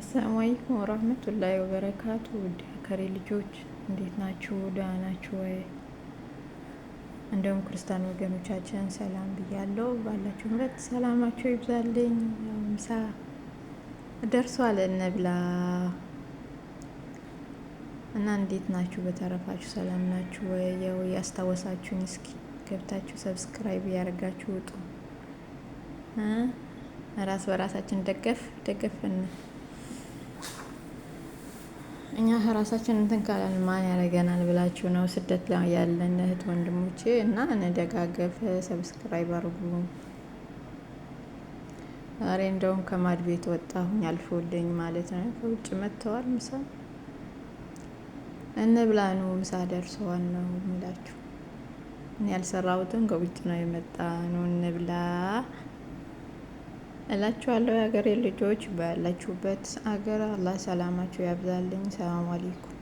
አሰላሙ አለይኩም ወራህመቱላሂ ወበረካቱ። ውድ ሀገሬ ልጆች እንዴት ናችሁ? ደህና ናችሁ ወይ? እንደውም ክርስቲያን ወገኖቻችን ሰላም ብያለሁ። ባላችሁ ምረት ሰላማችሁ ይብዛልኝ። ምሳ ደርሷል፣ እንብላ እና እንዴት ናችሁ? በተረፋችሁ ሰላም ናችሁ ወይ? ያው ያስታወሳችሁን እስኪ ገብታችሁ ሰብስክራይብ ያደርጋችሁ ውጡ። ራስ በራሳችን ደገፍ ደገፍን እኛ ራሳችን እንትን ካለን ማን ያደርገናል ብላችሁ ነው ስደት ላይ ያለን እህት ወንድሞቼ፣ እና እንደጋገፍ፣ ሰብስክራይብ አርጉ። ዛሬ እንደውም ከማድ ቤት ወጣሁኝ አልፎልኝ ማለት ነው። ከውጭ መጥተዋል። ምሳ እንብላኑ ምሳ ደርሰዋል ነው የሚላችሁ። እኔ ያልሰራሁትን ከውጭ ነው የመጣ ነው እንብላ እላችኋለሁ የሀገሬ ልጆች፣ ባላችሁበት አገር አላህ ሰላማችሁ ያብዛልኝ። ሰላም አለይኩም።